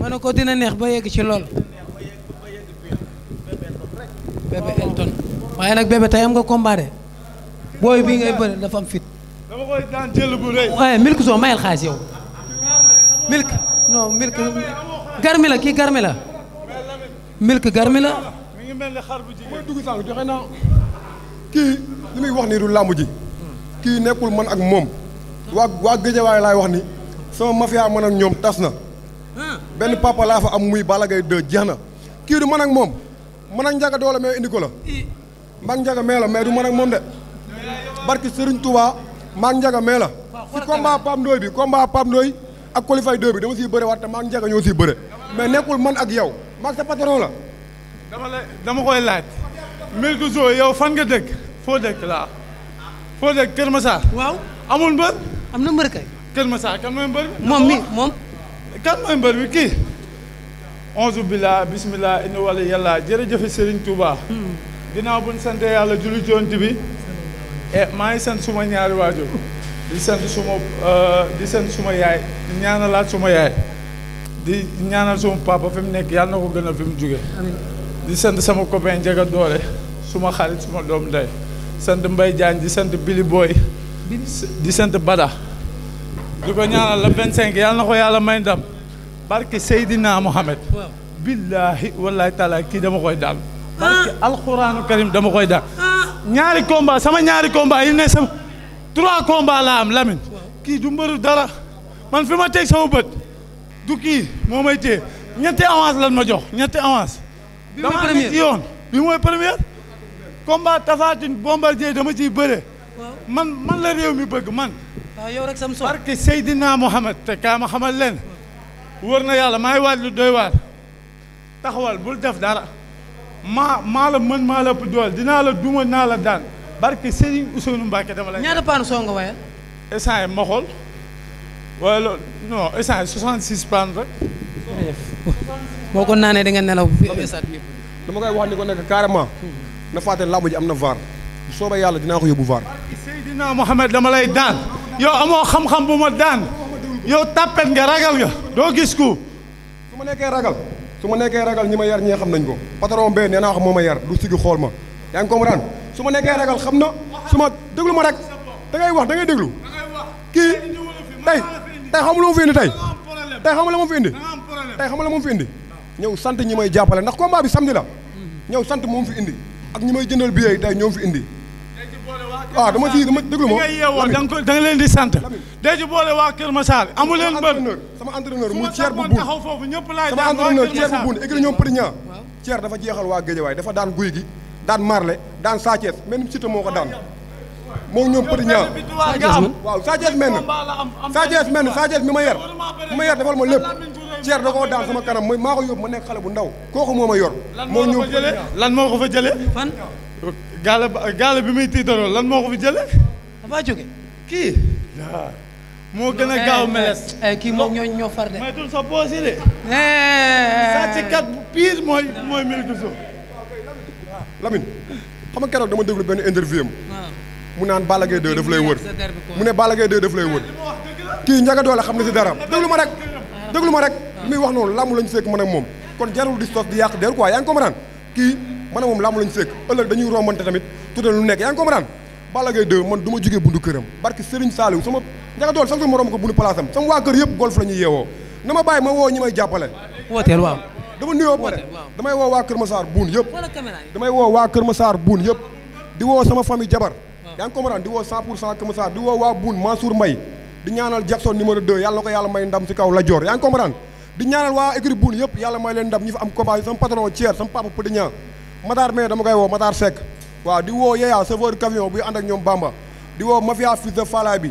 mane ko dina neex ba yegg ci lool waaye nag bébé tey am nga combat de booy bii ngay bëri dafa am fit. milk soo mayal xaalis yow milk garmi la kii garmi la milk garmi la. mi ngi mel ne xar joxe naa kii li muy wax nii du làmb ji. kii nekkul man ak moom. waa waa Géejawaay laay wax ni sama mafia man ak ñoom tas na. benn papa laa fa am muy Balla Gaye 2 jeex na kii du man ak moom man ak njaga doole mais indi ko la maag njaga mee la mais du man ak moom de barki Serigne Touba maag la si combat Pam Ndoy bi combat Pam Ndoy ak qualifié 2 bi dama siy bëre waat te maag njaga ñoo mais nekkul man ak yow maag sa patron la dama la dama koy laaj Milkzo yow fan nga dëkk foo dëkk laa foo dëkk Kër Massar waaw amul mbër am na mbër kay Kër Massar kan mooy mbër moom mi moom kan mooy mbër bi kii onze billah bismillah inna wala yàlla jërëjëfe Serigne Touba hmm. ginnaaw buñ sante yàlla julli jonti bi e maa ngi sant suma ñaari waajur di sant suma euh, di sant suma yaay ñaanalaat suma yaay di ñaanal suma papa fi mu nekk yàlla na ko gën a fi mu jóge di sant sama copain Ndiaga Doore suma xarit suma doom ndey sant Mbaye Diagne di sant Billy Boy di sant Bada di ko ñaanal la yàlla may ndam barke Seydina Mohamed. waaw billaahi wallaahi taala kii dama koy daal. Ah. barke alxuraanu karim dama koy daal. Ah. ñaari komba sama ñaari combat yi ne sama trois combat laa am Lamine. kii du mbëru dara man fi ma teg sama bët du kii moo may téye ñetti avance lan ma jox ñetti avance. bi mooy première dama ci yoon bi dama ciy bëre. man la réew mi bëgg man. Ah, yow rek sam so barke Seydina Mohamed te kaa xamal leen. wër na yàlla maay waaj lu doy waar taxawal bul def dara maa maa la mën maa la ëpp dinaa la duma naa la daan barke Serigne Ousseynou Mbacke dama la. ñaata paan soo nga wayal. instant yi ma xool wala loolu non instant yi 66 paan dama wax ni ko nekk am na vaar. bu yàlla dinaa ko yóbbu vaar. dama lay daan yow amoo xam-xam bu ma daan. yow tàppet nga ragal nga doo gis ku su ma nekkee ragal su ma nekkee ragal ñi ma yar ñee xam nañ ko patron bee nee naa wax moo ma yar du sigi xool ma yaa ngi comprendre su ma nekkee ragal xam na su ma déglu ma rek da ngay wax da ngay déglu kii tey tey xamul ma fi indi tey tey xamul ma fi indi tey xamul ma fi indi ñëw sant ñi may jàppale ndax combat bi samedi la ñëw sant moom fi indi ak ñi may jëndal billet tey ñoom fi indi waaw ah, dama ciy dama déglu ma ngay yeewoo da nga ko da nga leen di sant deeji boole waa Kër Massar amu leen bër sama entraîneur mu ceer bu buun taxaw foofu ñëpp laay sama entraîneur ceer bu buun égri ñoom përiña ceer dafa jeexal waa Géejawaay dafa daan guy gi daan marle daan saacees même Siteu moo ko daan moom ñoom përiña waaw saacees menn saacees menn saacees mi ma yer mi ma yer defal ma lépp ceer da koo daan sama kanam mooy maa ko yóbbu ma nekk xale bu ndaw kooku moo ma yor moo ñëw lan moo ko fa jëlee fan gaale ba gaale bi muy tiitaroo lan moo ko fi jële damaa jóge kii moo gën a eh, gaaw meles eh, kii moom ñoo ñoo far de maytul sa poos yi eh. mooy mooy Milka Sow Lamine xam nga keroog dama déglu benn interview am mu naan Balla Gaye 2 daf lay wër ne Balla Gaye 2 daf lay wër kii Ndiaga xam na si dara déglu ma rek déglu ma rek muy wax noonu làmb lañu fekk man ak moom kon jarul di sos di yàq der quoi yaa ngi comprendre kii man a moom làmb lañu sekk ëllëg dañuy rombante tamit tuddal lu nekk yaa ngi comprendre Balla Gaye man du ma jógee bundu këram barke Serigne Saliou sama njaga dool sax ma romb ko bundu place sama waa kër yëpp golf la ñuy yeewoo na ma bàyyi ma woo ñi may jàppale dama nuyoo pare damay woo waa Kër Massar buun yëpp damay di woo sama famille jabar ah. yaa ngi comprendre di woo 100 pour cent di woo waa buun Mansour Mbaye di ñaanal Jackson numéro 2 yàlla na ko yàlla Matar mais dama koy woo Matar Seck waaw di woo Yaya chauffeur camion buy ànd ak ñoom Bamba di woo mafia fils de Falla bi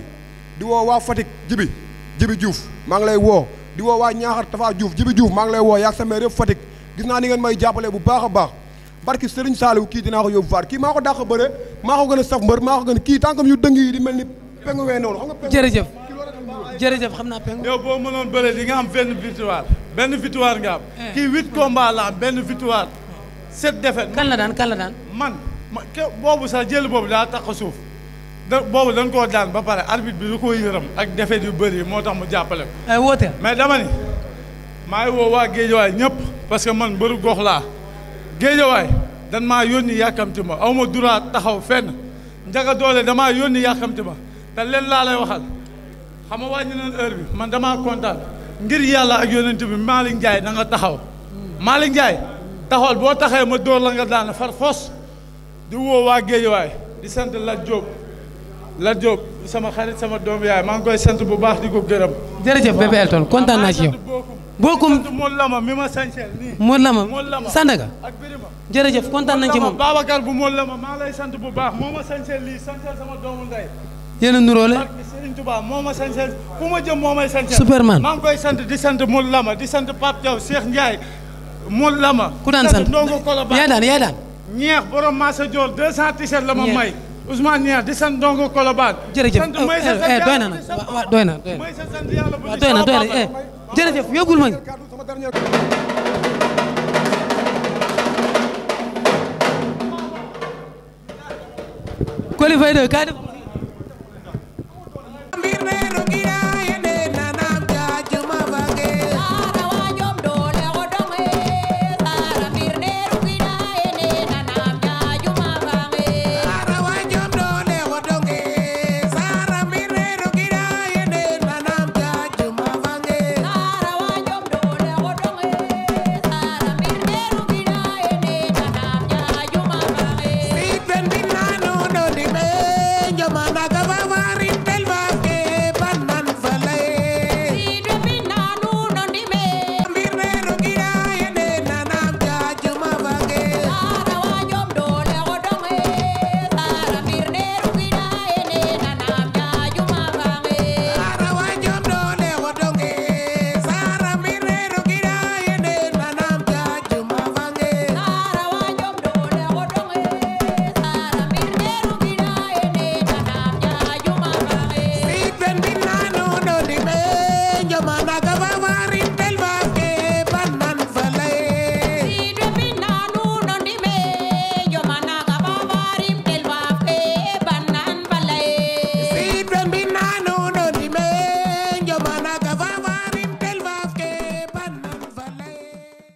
di woo waa Fatick Jibi Jibi Diouf maa ngi lay woo di woo waa Ñaaxar Tafa Diouf Jibi Diouf maa ngi lay woo yaag sa maire yëpp Fatick gis naa ni ngeen may jàppale bu baax a baax barki Serigne Saliou kii dinaa ko yóbbu faar kii maa ko dàq bëre maa ko gën a saf mbër maa ko gën a kii tànkam yu dëng yi di mel ni pengu wee noonu xam naa pengu yow boo mënoon nga am benn victoire benn victoire nga am eh. kii huit combat la sept défaite kan la daan kan la daan. man ma boobu sax jël boobu daa tax suuf da boobu dañ koo daan ba pare arbitre bi lu ko yërëm ak défaite yu bëri moo tax mu jàppale ko. ay woote mais dama maa ngi woo waa Géejawaay ñëpp parce que man mbëru gox laa Géejawaay dan maa yónni yàkkamti ma aw ma dura taxaw fenn njaga doole damaa yónni yàkkamti ma te leen laa lay waxal xam nga wàññi nañ heure bi man damaa kontaan ngir yàlla ak yónent bi Malick Ndiaye na nga taxaw hmm. Malick Ndiaye. taxawal boo taxee ma dóor la nga daan far fos di woo waa Géejawaay di sant Lat Diop Lat Diop sama xarit sama doom yaay maa ngi koy sant bu baax di ko gërëm. jërëjëf bébé Elton kontaan naa ci yow. bookum moom lama mi ma sañseel nii. moom la Sandaga ak Birima jërëjëf kontaan nañ ci moom Babacar bu la ma maa lay sant bu baax moo ma sañseel lii sañseel sama doomu ndey. yéen a nuróole Serigne moo ma sañseel fu ma jëm moo may sañseel. Superman maa ngi koy sant di sant moom lama di sant Pape Diaw Cheikh Ndiaye. mu la ku daan sant ndongo daan yaa daan. ñeex borom Massa Dior 200 t-shirt may. Ousmane Niang di sant ndongo Colobane. jërëjëf sant may eh, eh, sa eh, doy na nag waaw doy na doy na. may sa sant yàlla bu doy na doy ma. Coly